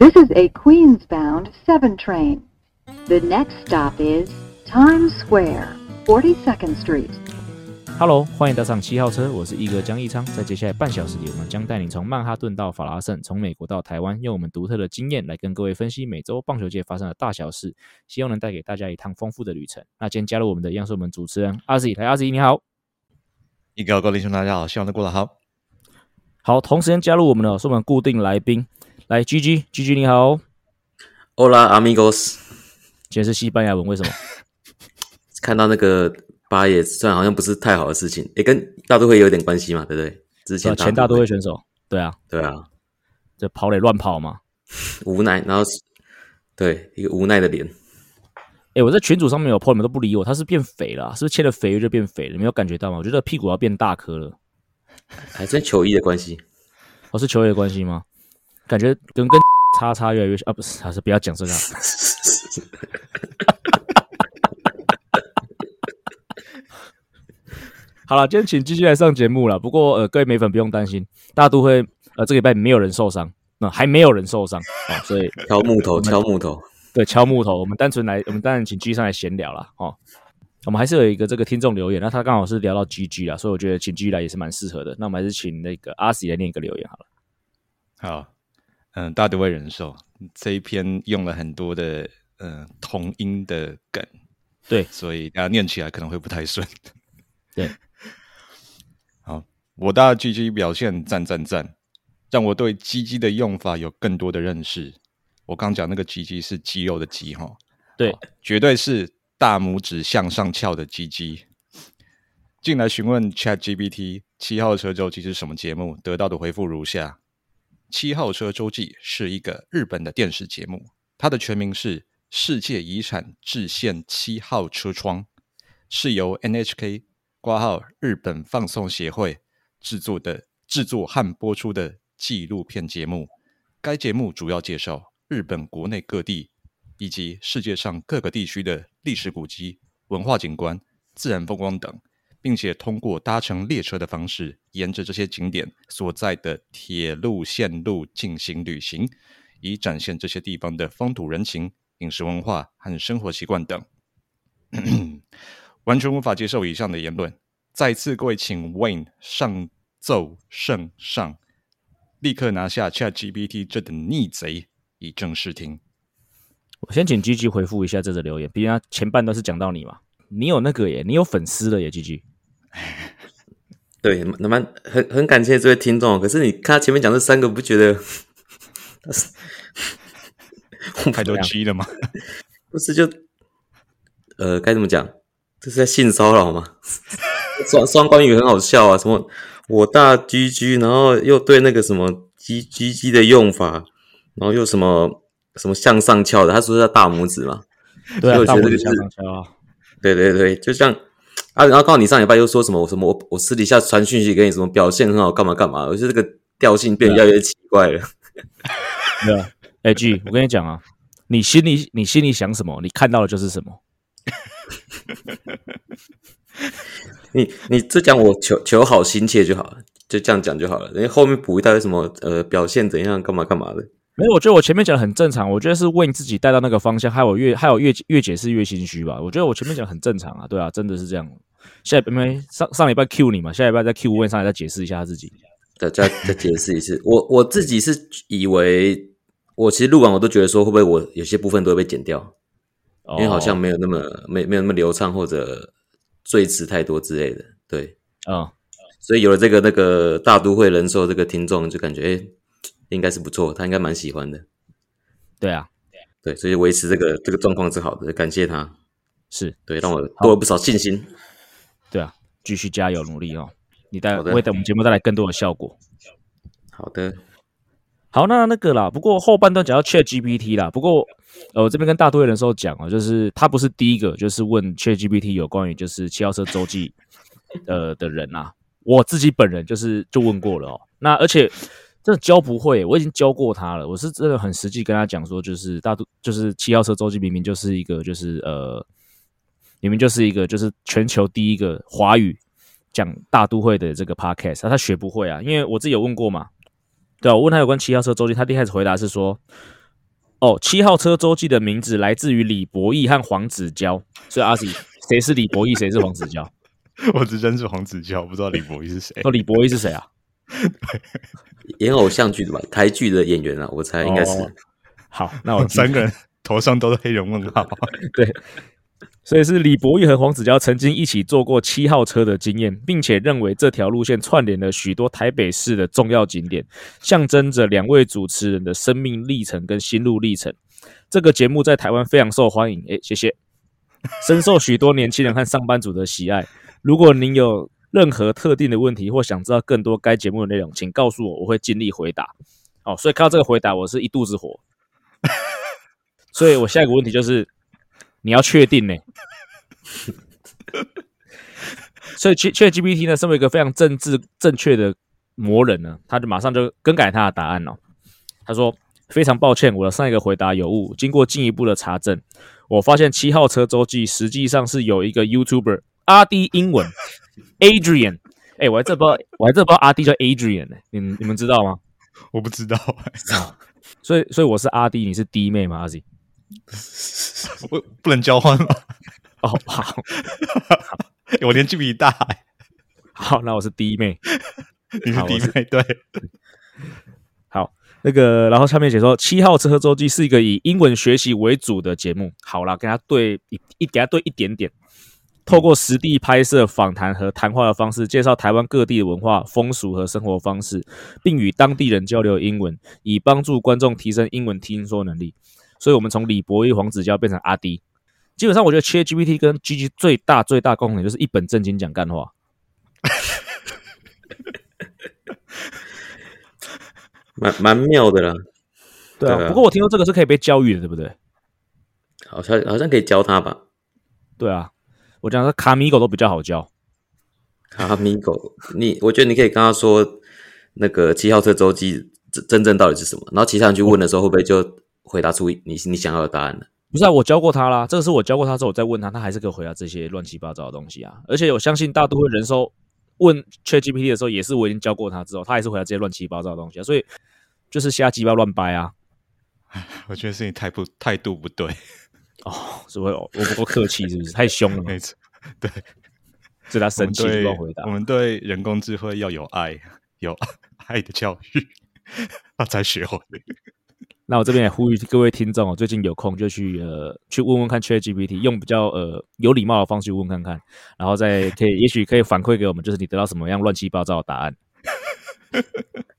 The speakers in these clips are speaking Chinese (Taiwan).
This is a Queens bound seven train. The next stop is Times Square, Forty Second Street. Hello, 歡迎搭上七號車，我是奕哥江奕昌，在接下來半小時裡，我們將帶你從曼哈頓到法拉盛，從美國到台灣，用我們獨特的經驗來跟各位分析每週棒球界發生的大小事，希望能帶給大家一趟豐富的旅程。那今天加入我們的央社我們主持人阿 Z。嗨，來阿 Z，你好，奕哥，各位弟兄大家好，希望都過得好。好，同時間加入我們的是我們固定來賓。來，G G G G，你好，Hola amigos，今天是西班牙文，為什麼？ 看到那個巴爺，雖然好像不是太好的事情，也、欸、跟大都會有點關係嘛，對不對？之前大前大都會選手，對啊，對啊，這、啊、跑壘亂跑嘛，無奈，然後對一個無奈的臉。哎、欸，我在群組上面有朋友們都不理我，他是變肥了、啊，是不是切了肥肉就變肥了？沒有感覺到嗎？我覺得屁股要變大顆了，還是球衣的關係？ 哦，是球衣的關係嗎？感覺跟跟叉叉越來越少啊！不是，還是不要講這個。 好了，今天請 G G 來上節目了。不過呃，各位美粉不用擔心，大都會呃這個禮拜沒有人受傷，那、呃、還沒有人受傷啊，所以敲木頭，敲木頭，對，敲木頭。我們單純來，我們當然請 G G 上來閒聊了哦。我們還是有一個這個聽眾留言，那他剛好是聊到 G G 啊，所以我覺得請 G G 來也是蠻適合的。那我們還是請那個阿 s 來念一個留言好了。好。嗯、呃，大家都會忍受這一篇用了很多的嗯、呃、同音的梗，對，所以大家念起來可能會不太順。對， 好，我大 GG 表現讚讚讚，讓我對 GG 的用法有更多的認識。我剛講那個 GG 是肌肉的肌哈、哦，對，絕對是大拇指向上翹的 GG。進來詢問 ChatGPT 七號車周期是什麼節目，得到的回覆如下。七號車周記是一個日本的電視節目，它的全名是《世界遺產制憲七號車窗》，是由 NHK 掛號日本放送協會制作的制作和播出的紀錄片節目。該節目主要介紹日本國內各地以及世界上各個地區的歷史古蹟、文化景觀、自然風光等。並且通過搭乘列車的方式，沿着這些景點所在的鐵路線路進行旅行，以展現這些地方的風土人情、飲食文化和生活習慣等咳咳。完全無法接受以上的言論。再次跪請 Wayne 上奏聖上，立刻拿下 ChatGPT 這等逆賊，以正視聽。我先請 Gigi 回復一下這個留言，畢竟他前半段是講到你嘛，你有那個耶，你有粉絲的耶，Gigi。哎，對，那麼很很感謝這位聽眾。可是你看他前面講這三個，不覺得太多 G 了嗎？ 不是就，就呃，該怎麼講？這是在性騷擾嗎？雙雙關語很好笑啊！什麼我大 G G，然後又對那個什麼 G G G 的用法，然後又什麼什麼向上翹的，他說是要大拇指嘛？對啊，大拇指向上翹啊！就是，對對對，就像。啊，然後告訴你上禮拜又說什麼？我什麼？我我私底下傳訊息給你，什麼表現很好，幹嘛幹嘛？我覺得這個調性變越來越奇怪了。哎、Yeah. Yeah. Hey，G，我跟你講啊，你心裡你心裡想什麼，你看到的就是什麼。 你你就講我求求好心切就好了，就這樣講就好了。人家後面補一大堆什麼呃表現怎樣，幹嘛幹嘛的。沒有，我覺得我前面講的很正常。我覺得是為你自己帶到那個方向，還有越害我越我越，越解釋越心虛吧。我覺得我前面講的很正常啊，對啊，真的是這樣。下禮拜上上禮拜 Q 你嘛，下禮拜再 Q 問，上來再解釋一下他自己，大再再，再解釋一次。 我我自己是以為，我其實錄完我都覺得說，會不會我有些部分都會被剪掉，哦、因為好像沒有那麼沒沒有那麼流暢或者贅詞太多之類的。對，啊、哦，所以有了這個那個大都會人壽這個聽眾，就感覺哎。誒應該是不錯，他應該蠻喜歡的。對啊，對，所以維持這個這個狀況是好的，感謝他，是對，讓我多了不少信心。對啊，繼續加油努力哦，你帶為我們節目帶來更多的效果。好的，好，那那個啦，不過後半段講到 Chat GPT 啦，不過呃，我這邊跟大多人的時候講啊，就是他不是第一個，就是問 Chat GPT 有關於就是七號車週記呃的人啊，我自己本人就是就問過了哦，那而且。真的教不會，欸，我已經教過他了。我是真的很實際跟他講說，就是大都就是七號車周記，明明就是一個就是呃，明明就是一個就是全球第一個華語講大都會的這個 podcast，啊，他學不會啊。因為我自己有問過嘛，對啊，我問他有關七號車周記，他第一開始回答是說，哦，七號車周記的名字來自於李博毅和黃子佼。所以阿，啊，西，誰是李博毅，誰是黃子佼？ 我只認識黃子佼，我不知道李博毅是誰。哦，李博毅是誰啊？ 演偶像劇的嘛，台劇的演員啊，我猜應該是、哦哦哦。好，嗯、那我 三個人頭上都是黑人問號。 對，所以是李博宇和黃子佼曾經一起坐過七號車的經驗，並且認為這條路線串聯了許多台北市的重要景點，象徵着兩位主持人的生命歷程跟心路歷程。這個節目在台灣非常受歡迎，哎、欸，謝謝，深受許多年輕人和上班族的喜愛。如果您有。任何特定的問題或想知道更多該節目的內容，請告訴我，我會盡力回答。哦。所以看到這個回答，我是一肚子火。 所以我下一個問題就是，你要確定呢？ 所以，ChatGPT 呢，身為一個非常政治正確的魔人呢，他就馬上就更改他的答案了、哦。他說：“非常抱歉，我的上一個回答有誤。經過進一步的查證，我發現七號車周記實際上是有一個 YouTuber 阿滴英文。 ” Adrian，哎，我還真不知道，我還真不知道阿滴叫 Adrian 呢、欸。你你們知道嗎？我不知道、欸哦，所以所以我是阿滴，你是滴妹嗎？阿 Z，不不能交換嗎？哦，好，好 欸、我年紀比你大、欸。好，那我是滴妹，你是滴妹、啊是，對。好，那個，然後下面寫說，七號車周記是一個以英文學習為主的節目。好啦，跟他對一一，給他對一點點。透過實地拍攝、訪談和談話的方式，介紹台灣各地的文化、風俗和生活方式，並與當地人交流英文，以幫助觀眾提升英文聽說能力。所以，我們從李博一、黃子佼變成阿滴。基本上，我覺得 ChatGPT 跟 GG 最大、最大功能就是一本正經講幹話，蠻蠻妙的啦。對啊。對啊，不過我聽說這個是可以被教育的，對不對？好像好像可以教他吧？對啊。我講的卡米狗都比較好教，卡米狗，你我覺得你可以跟他說那個七號車周記真真正到底是什麼，然後其他人去問的時候，會不會就回答出你你想要的答案呢？不是啊，我教過他啦，這個是我教過他之後我再問他，他還是可以回答這些亂七八糟的東西啊。而且我相信大多數人說問 ChatGPT 的時候，也是我已經教過他之後，他還是回答這些亂七八糟的東西啊。所以就是瞎雞巴亂掰啊！哎，我覺得是你態度態度不對。哦，是不是我不夠客氣？是不是 太凶了？沒錯，對，所以他生氣。不要回答。我們對人工智慧要有愛，有愛的教育，他才學會。 那我這邊也呼籲各位聽眾，我最近有空就去呃，去問問看 ChatGPT，用比較呃有禮貌的方式問，問看看，然後再可以， 也許可以反饋給我們，就是你得到什麼樣亂七八糟的答案。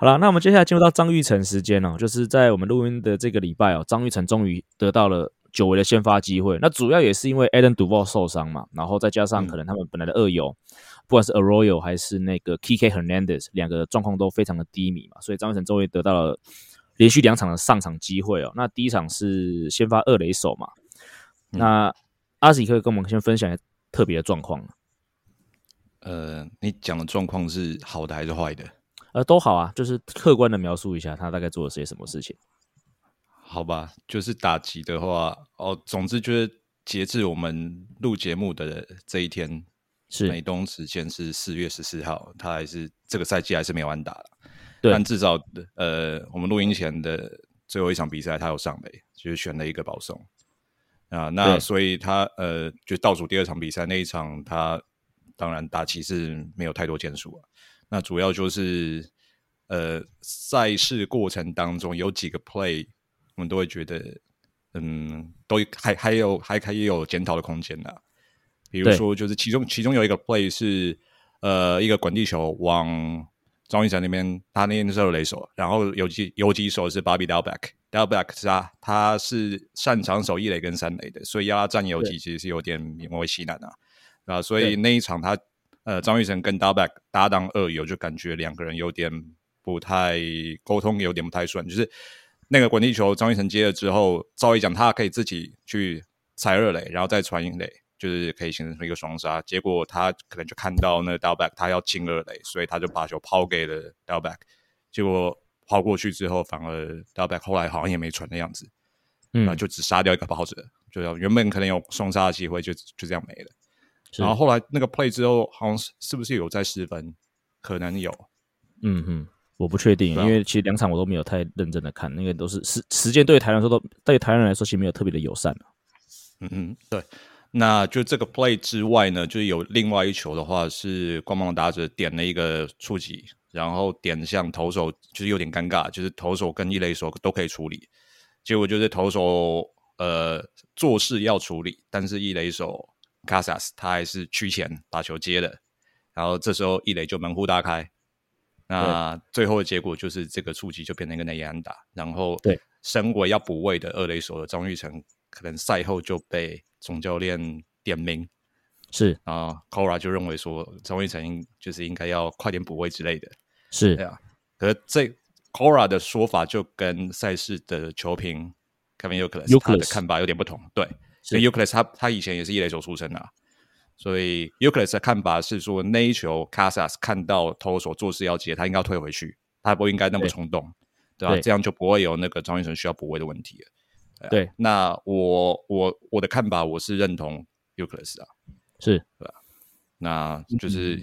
好了，那我們接下來進入到張育成時間哦，就是在我們錄音的這個禮拜哦，張育成終於得到了久違的先發機會。那主要也是因為 Adam Duvall 受傷嘛，然後再加上可能他們本來的二游、嗯，不管是 Arroyo 還是那個 Kike Hernandez，兩個狀況都非常的低迷嘛，所以張育成終於得到了連續兩場的上場機會哦。那第一場是先發二壘手嘛。嗯、那阿奕可以跟我們先分享一下特別的狀況呃，你講的狀況是好的還是壞的？呃，都好啊，就是客觀的描述一下他大概做了些什麼事情。好吧，就是打擊的話，哦，總之就是截至我們錄節目的這一天，是美東時間是四月十四號，他還是這個賽季還是沒有安打。對，但至少呃，我們錄音前的最後一場比賽他有上壘，就是選了一個保送。啊，那所以他呃，就倒數第二場比賽那一場，他當然打擊是沒有太多建樹。那主要就是，呃，賽事過程當中有幾個 play，我們都會覺得，嗯，都還還有還，還可以有檢討的空間的，啊。比如說，就是其中其中有一個 play 是，呃，一個滾地球往張育成那邊，他那邊是二壘手，然後有幾有幾手是 Bobby Dalbec，Dalbec 是啊，他是擅長守一壘跟三壘的，所以要他站游擊其實是有點勉為其難啊。啊，所以那一場他。呃，張育成跟 Double Back 搭檔二游，就感覺兩個人有點不太溝通，有點不太順。就是那個滾地球，張育成接了之後，照理講他可以自己去踩二壘，然後再傳一壘，就是可以形成一個雙殺。結果他可能就看到那個 Double Back 他要清二壘，所以他就把球拋給了 Double Back。結果拋過去之後，反而 Double Back 後來好像也沒傳的樣子，那、嗯、就只殺掉一個跑者，就原本可能有雙殺的機會就，就就這樣沒了。然後後來那個 play 之後，好像是不是有再失分？可能有。嗯嗯，我不確定、啊，因為其實兩場我都沒有太認真的看，因為那個都是時時間對於台灣來說，都對於台灣人來說其實沒有特別的友善。嗯嗯，對。那就這個 play 之外呢，就有另外一球的話是光芒打者點了一個觸擊，然後點向投手，就是有點尷尬，就是投手跟一壘手都可以處理，結果就是投手呃做事要處理，但是一壘手。卡薩斯他還是趨前把球接了，然後這時候一壘就門戶大開，那最後的結果就是這個觸擊就變成一個內安打，然後對身為要補位的二壘手的張育成可能賽後就被總教練點名，是啊 Cora 就認為說張育成就是應該要快點補位之類的，是對啊，可是這 Cora 的說法就跟賽事的球評 Kevin 有可能他的看法有點不同，對。所以 Youkilis 他他以前也是一壘手出身啊，所以 Youkilis 的看法是說，那一球 Casas 看到投手做勢要接，他應該要退回去，他不應該那麼衝動，對吧，啊？這樣就不會有那個張育成需要補位的問題了。對，啊對，那我我我的看法我是認同 Youkilis 啊，是，對吧，啊？那就是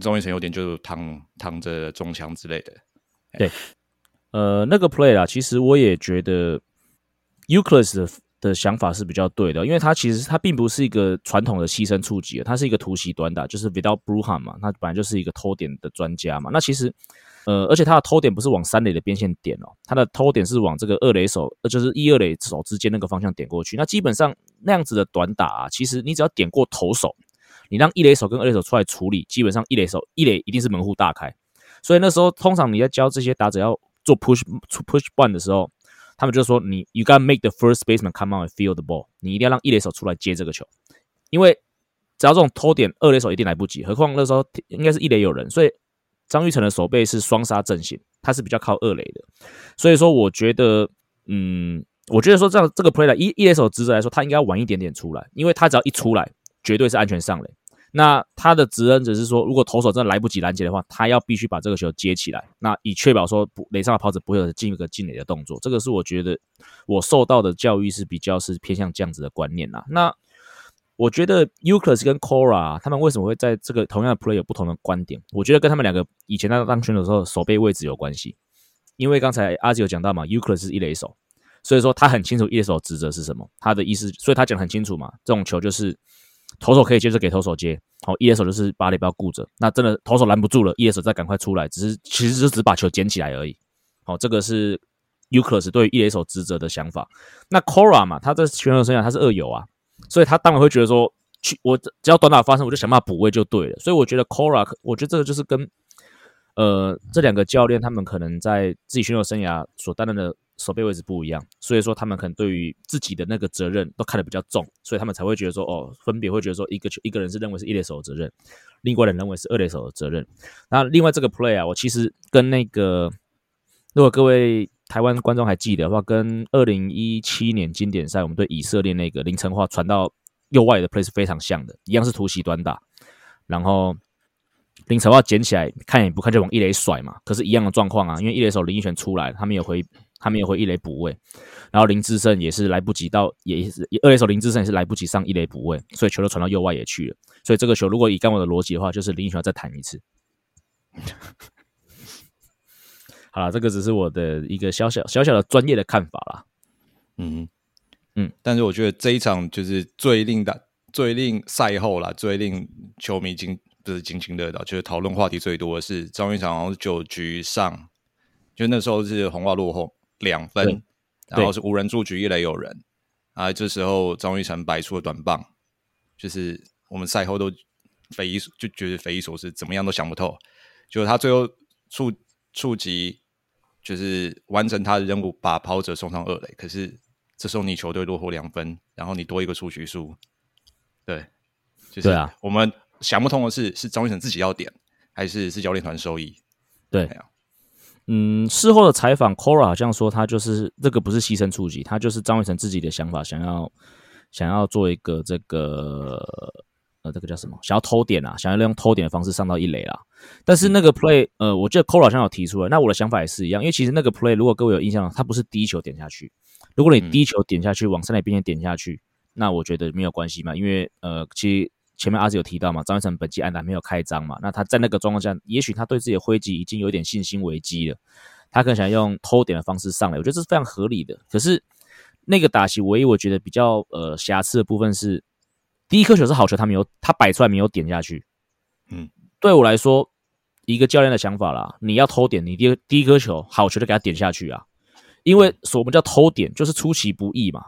張育成有點就是躺躺着中槍之類的，對，啊對，呃，那個 play 啊，其實我也覺得 Youkilis 的。的想法是比較對的，因為他其實他並不是一個傳統的犧牲觸擊，他是一個突襲短打，就是 Vidal Brujan 嘛，他本來就是一個偷點的專家嘛。那其實，呃，而且他的偷點不是往三壘的邊線點哦，他的偷點是往這個二壘手，呃，就是一、二壘手之間那個方向點過去。那基本上那樣子的短打啊，其實你只要點過投手，你讓一壘手跟二壘手出來處理，基本上一壘手一壘一定是門戶大開。所以那時候通常你在教這些打者要做 push push one 的時候。他們就說你，你 you gotta make the first baseman come out and field the ball。你一定要讓一壘手出來接這個球，因為只要這種偷點，二壘手一定來不及。何況那時候應該是一壘有人，所以張育成的守備是雙殺陣型，他是比較靠二壘的。所以說，我覺得，嗯，我覺得說這樣這個 player 一一壘手職責來說，他應該要晚一點點出來，因為他只要一出來，絕對是安全上壘。那他的職責只是說，如果投手真的來不及攔截的話，他要必須把這個球接起來，那以確保說壘上的跑者不會有進一個進壘的動作。這個是我覺得我受到的教育是比較是偏向這樣子的觀念啦。那我覺得 Euclis 跟 Cora 他們為什麼會在這個同樣的 play 有不同的觀點？我覺得跟他們兩個以前在當選手的時候守備位置有關係。因為剛才阿吉有講到嘛，Euclis 是一壘手，所以說他很清楚一壘手的職責是什麼。他的意思，所以他講得很清楚嘛，這種球就是。投手可以接着給投手接，好、哦，一壘手就是把壘包顧着。那真的投手攔不住了，一壘手再趕快出來，只是其實是只把球撿起來而已。好、哦，這個是尤克里斯對於一壘手職責的想法。那 Cora 嘛，他在選手生涯他是二游啊，所以他當然會覺得說，去我只要短打發生，我就想辦法補位就對了。所以我覺得 Cora 我覺得這個就是跟呃這兩個教練他們可能在自己選手生涯所擔任的。手背位置不一樣，所以說他們可能對於自己的那個責任都看得比較重，所以他們才會覺得說，哦，分別會覺得說，一個球一個人是認為是一壘手的責任，另外人認為是二壘手的責任。那另外這個 play 啊，我其實跟那個，如果各位台灣觀眾還記得的話，跟二零一七年經典賽我們對以色列那個林晨樺傳到右外的 play 是非常像的，一樣是突襲短打，然後林晨樺撿起來看也不看就往一壘甩嘛，可是一樣的狀況啊，因為一壘手林益全出來，他們也會。他們也會一壘補位，然後林志勝也是來不及到，也是二壘手林志勝也是來不及上一壘補位，所以球都傳到右外野去了。所以這個球如果以剛我的邏輯的話，就是林雨翔再彈一次。 好了，這個只是我的一個小小小小的專業的看法啦。嗯嗯，但是我覺得這一場就是最令打，最令賽後啦，最令球迷驚不是津津樂道，就是討論話題最多的是張育成好像是九局上，就那時候是紅襪落後，兩分，然後是無人出局一壘有人，啊，這時候張育成擺出了短棒，就是我們賽後都匪夷就覺得匪夷所思，怎麼樣都想不透，就是他最後觸觸擊，就是完成他的任務，把跑者送上二壘，可是這時候你球隊落後兩分，然後你多一個出局數，對，就是啊，我們想不通的是、啊，是張育成自己要點，還是是教練團授意？對，對、啊。嗯，事後的採訪 Cora 好像說他就是這個不是犧牲觸擊，他就是張育成自己的想法，想要想要做一個這個呃，這個叫什麼？想要偷點啊，想要用偷點的方式上到一壘啦。但是那個 play，呃，我覺得 Cora 好像有提出來。那我的想法也是一樣，因為其實那個 play，如果各位有印象，他不是第一球點下去。如果你第一球點下去，往三壘邊線點下去，那我覺得沒有關係嘛，因為呃，其實。前面阿志有提到嘛，張育成本季安打還沒有開張嘛，那他在那個狀況下，也許他對自己的揮擊已經有點信心危機了，他可能想用偷點的方式上來，我覺得這是非常合理的。可是那個打席唯一我覺得比較呃瑕疵的部分是，第一顆球是好球，他沒有他擺出來沒有點下去。嗯，對我來說，一個教練的想法啦，你要偷點，你第第一顆球好球就給他點下去啊，因為所謂叫偷點，就是出其不意嘛。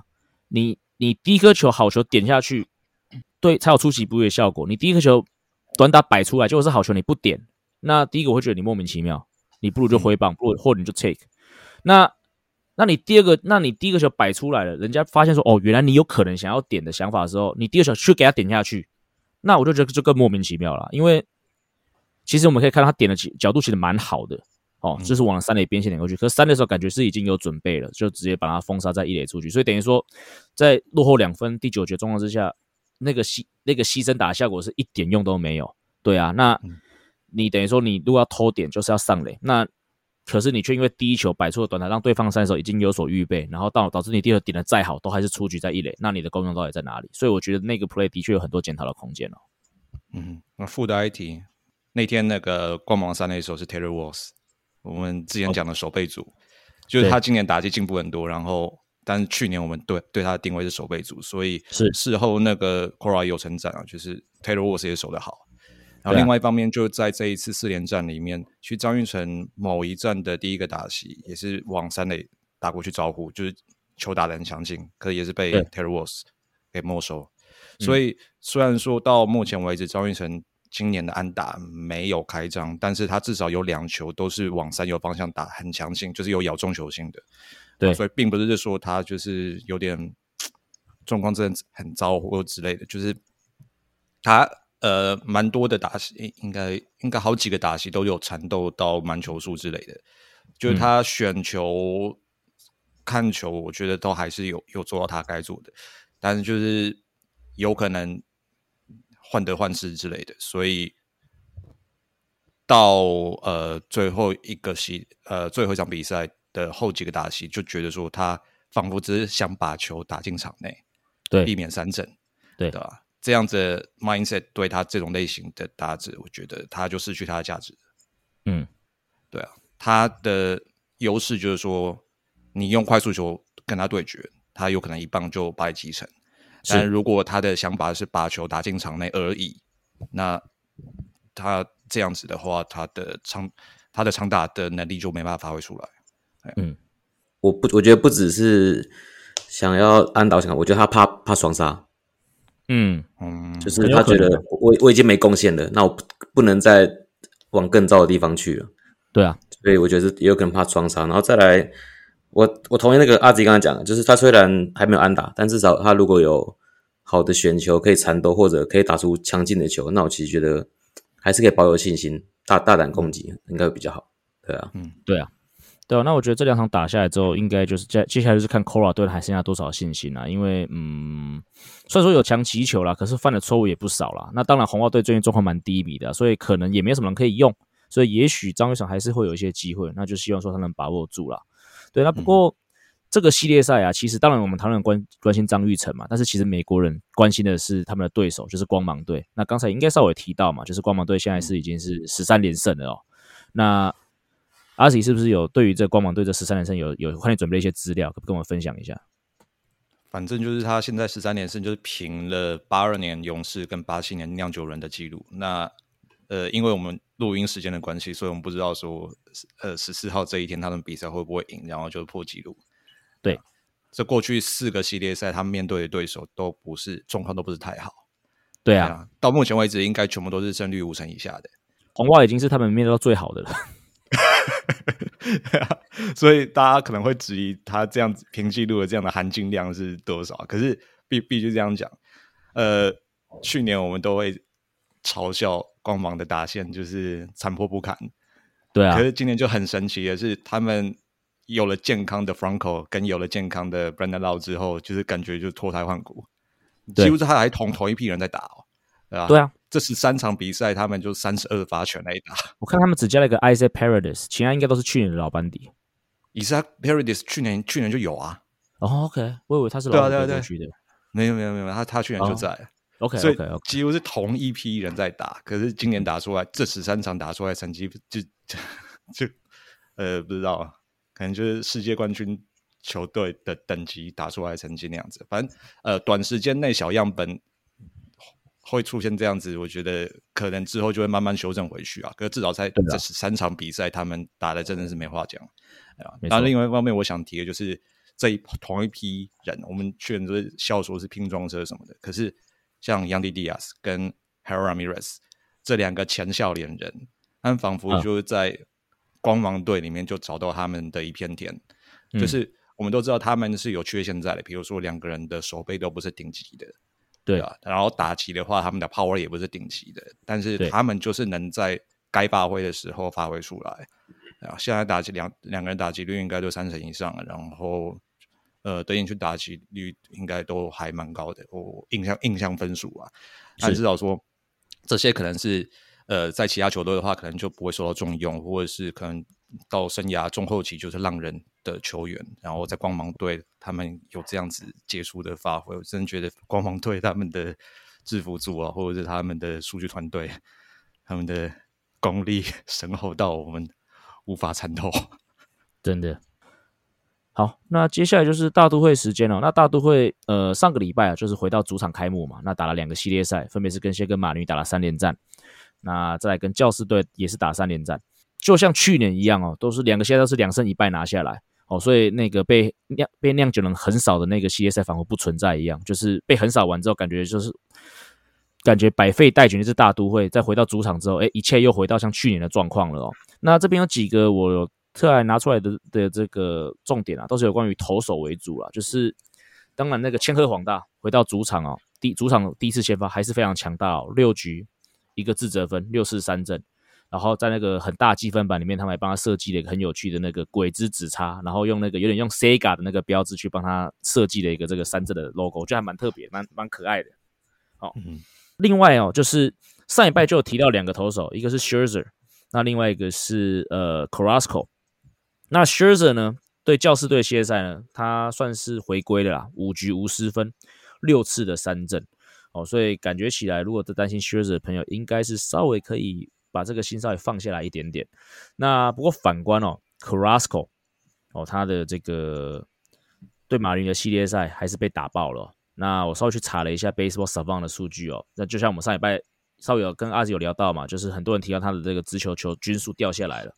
你你第一顆球好球點下去。對，才有出其不意的效果。你第一個球短打擺出來，結果是好球，你不點，那第一個我會覺得你莫名其妙。你不如就揮棒，不、嗯、如或者你就 take。那，那你第二個，那你第一個球擺出來了，人家發現說，哦，原來你有可能想要點的想法的時候，你第二個球去給他點下去，那我就覺得就更莫名其妙了。因為其實我們可以看到他點的角角度其實蠻好的，哦，嗯、就是往三壘邊線點過去。可是三壘的時候感覺是已經有準備了，就直接把他封殺在一壘出去，所以等於說，在落後兩分第九局的狀況之下。那個犧那個犧牲打的效果是一點用都沒有，對啊，那你等於說你如果要偷點，就是要上壘，那可是你卻因為第一球擺出了短台，讓對方三壘手已經有所預備，然後到導致你第二點得再好，都還是出局在一壘，那你的功用到底在哪裡？所以我覺得那個 play 的確有很多檢討的空間哦。嗯，那附帶一提，那天那個光芒三壘手是 Taylor Walls，我們之前講的守備組，哦，就是他今年打擊進步很多，然後。但是去年我們對對他的定位是守備組，所以是事後那個 Cora 有成長，啊、就是 Taylor Walls 也守得好。然後另外一方面，就在這一次四連戰裡面，去，啊、張育成某一戰的第一個打席，也是往三壘打過去招呼，就是球打得很強勁，可是也是被 Taylor Walls 給沒收。嗯，所以雖然說到目前為止，張育成今年的安打沒有開張，但是他至少有兩球都是往三壘方向打，很強勁，就是有咬中球心的。對，所以並不是說他就是有點狀況真的很糟或之類的，就是他呃，蠻多的打席，應該應該好幾個打席都有纏鬥到滿球數之類的，就是他選球、嗯、看球，我覺得都還是有有做到他該做的，但是就是有可能患得患失之類的，所以到呃最後一個席呃最後一場比賽。的後幾個打席就覺得說他仿佛只是想把球打進場內，對，避免三振，對的這樣子 mindset 對他這種類型的打者，我覺得他就失去他的價值。嗯，對啊，他的優勢就是說，你用快速球跟他對決，他有可能一棒就把你擊沉。但如果他的想法是把球打進場內而已，那他這樣子的話，他的長他的長打的能力就沒辦法發揮出來。嗯，我不，我覺得不只是想要安打，想，我覺得他怕怕雙殺，嗯嗯，就是他覺得我我，我已經沒貢獻了，那我不不能再往更糟的地方去了。對啊，所以我覺得是也有可能怕雙殺，然後再來，我我同意那個阿吉剛才講的，就是他雖然還沒有安打，但至少他如果有好的選球可以纏鬥，或者可以打出強勁的球，那我其實覺得還是可以保有信心，大大膽攻擊應該會比較好。對啊，嗯，對啊。對、啊、那我覺得這兩場打下來之後，應該就是接接下來就是看 Cora 隊還剩下多少信心了、啊。因為，嗯，雖然說有強擊球了，可是犯的錯誤也不少了。那當然，紅襪隊最近狀況蠻低迷的、啊，所以可能也沒什麼人可以用。所以，也許張育成還是會有一些機會。那就希望說他能把握住了。對，那不過、嗯、這個系列賽啊，其實當然我們台灣關關心張育成嘛，但是其實美國人關心的是他們的對手，就是光芒隊。那剛才應該稍微提到嘛，就是光芒隊現在是已經是十三連勝了哦。嗯、那。阿喜，是不是有對於這光芒隊這十三連勝有有快點準備一些資料，可不可以跟我們分享一下？反正就是他現在十三連勝，就是平了八二年勇士跟八七年釀酒人的記錄。那呃，因為我們錄音時間的關係，所以我們不知道說呃十四號這一天他們比賽會不會贏，然後就破紀錄。對。啊，這過去四個系列賽，他們面對的對手都不是狀況都不是太好。對啊，對啊，到目前為止，應該全部都是勝率五成以下的。紅襪已經是他們面對到最好的了。 所以大家可能會質疑他這樣子平紀錄的這樣的含金量是多少？可是必必須這樣講，呃，去年我們都會嘲笑光芒的打線就是殘破不堪，對啊。可是今年就很神奇的是，他們有了健康的 Franco 跟有了健康的 Brandon Lowe 之後，就是感覺就脫胎換骨，幾乎是他還同同一批人在打哦，對啊。啊這十三場比賽，他們就三十二發全壘打。我看他們只加了一個 Isaac Paredes，其他應該都是去年的老班底。Isaac Paredes 去年去年就有啊。哦、oh,，OK，我以為他是老班底對、啊、對、啊對，啊對啊、去的沒有沒有沒有，他他去年就在。Oh, OK，o、okay, okay, k、okay. 所以幾乎是同一批人在打。可是今年打出來這十三場打出來成績就，就就呃不知道，可能就是世界冠軍球隊的等級打出來成績那樣子。反正呃短時間內小樣本。會出現這樣子，我覺得可能之後就會慢慢修正回去啊。可是至少在、啊、這三場比賽，他們打的真的是沒話講。當然後另外一方面，我想提的就是這一同一批人，我們確實是笑說是拼裝車什麼的。可是像 Yandy Diaz 跟 Harold Ramirez 這兩個前笑臉人，他們仿彿就是在光芒隊裡面就找到他們的一片天、啊。就是我們都知道他們是有缺陷在的，嗯、比如說兩個人的守備都不是頂級的。對啊，然後打擊的話，他們的 power 也不是頂級的，但是他們就是能在該發揮的時候發揮出來。啊，現在打擊兩兩個人打擊率應該都三成以上了，然後呃，對，應去打擊率應該都還蠻高的。哦，印象印象分數啊，那至少說這些可能是呃，在其他球隊的話，可能就不會受到重用，或者是可能。到生涯中後期就是浪人的球員，然後在光芒隊，他們有這樣子傑出的發揮，我真的覺得光芒隊他們的制服組啊，或者是他們的數據團隊，他們的功力深厚到我們無法參透，真的。好，那接下來就是大都會時間了，哦。那大都會呃上個禮拜啊，就是回到主場開幕嘛，那打了兩個系列賽，分別是跟先跟馬女打了三連戰，那再來跟教士隊也是打三連戰。就像去年一樣哦，都是兩個現在都是兩勝一敗拿下來哦，所以那個被釀被釀酒人橫掃的那個系列賽仿佛不存在一樣，就是被橫掃完之後，感覺就是感覺百廢待舉，就是大都會。再回到主場之後，哎、欸，一切又回到像去年的狀況了哦。那這邊有幾個我特愛拿出來的的這個重點啊，都是有關於投手為主了、啊，就是當然那個千賀滉大回到主場哦，第主場第一次先發還是非常強大哦，六局一個自責分，六四三振。然後在那個很大積分板裡面，他們還幫他設計了一個很有趣的那個鬼之指叉，然後用那個有點用 SEGA 的那個標誌去幫他設計了一個這個三振的 logo，我覺得還蠻特別，蠻蠻可愛的。好、哦嗯，另外哦，就是上禮拜就有提到兩個投手，一個是 Scherzer 那另外一個是呃 Carrasco 那 Scherzer 呢，對教士隊系列賽呢，他算是回歸了啦，五局無失分，六次的三振。哦，所以感覺起來，如果擔心 Scherzer 的朋友，應該是稍微可以把這個心稍微放下來一點點。那不過反觀哦 Carrasco 哦，他的這個對馬林的系列賽還是被打爆了。那我稍微去查了一下 Baseball Savant 的數據哦。那就像我們上禮拜稍微有跟阿子有聊到嘛，就是很多人提到他的這個直球球均數掉下來了。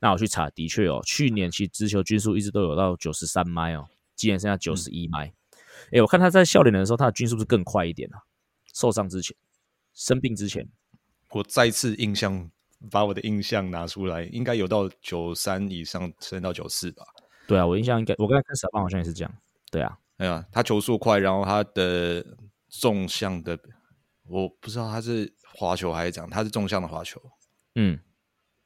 那我去查，的確哦，去年其實直球均數一直都有到九十三邁哦，今年剩下九十一邁。哎、嗯欸，我看他在笑臉的時候，他的均數是不是更快一點啊？受傷之前，生病之前。我再次印象，把我的印象拿出來，應該有到九三以上，升到九四吧。對啊，我印象應該，我剛才看小胖好像也是這樣。對啊，對啊，他球速快，然後他的縱向的，我不知道他是滑球還是怎樣，他是縱向的滑球。嗯，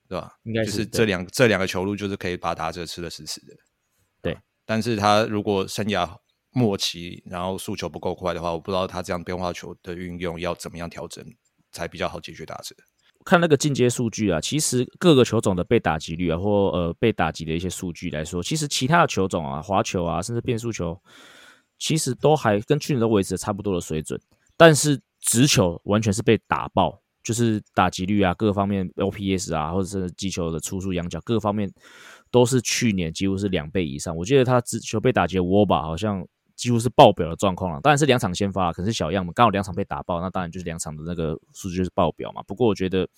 對吧？應該是，就是這兩這兩個球路，就是可以把打者吃得死死的。對，但是他如果生涯末期，然後速球不夠快的話，我不知道他這樣變化球的運用要怎麼樣調整。才比較好解決打者。看那個進階數據啊，其實各個球種的被打擊率啊，或呃被打擊的一些數據來說，其實其他的球種啊，滑球啊，甚至變速球，其實都還跟去年都維持差不多的水準。但是直球完全是被打爆，就是打擊率啊，各方面 OPS 啊，或者是擊球的初速仰角，各方面都是去年幾乎是兩倍以上。我記得他直球被打擊的 wOBA 好像。幾乎是爆表的狀況了，當然是兩場先發，啊，可是小樣本剛好兩場被打爆，那當然就是兩場的那個數據是爆表嘛。不過我覺得，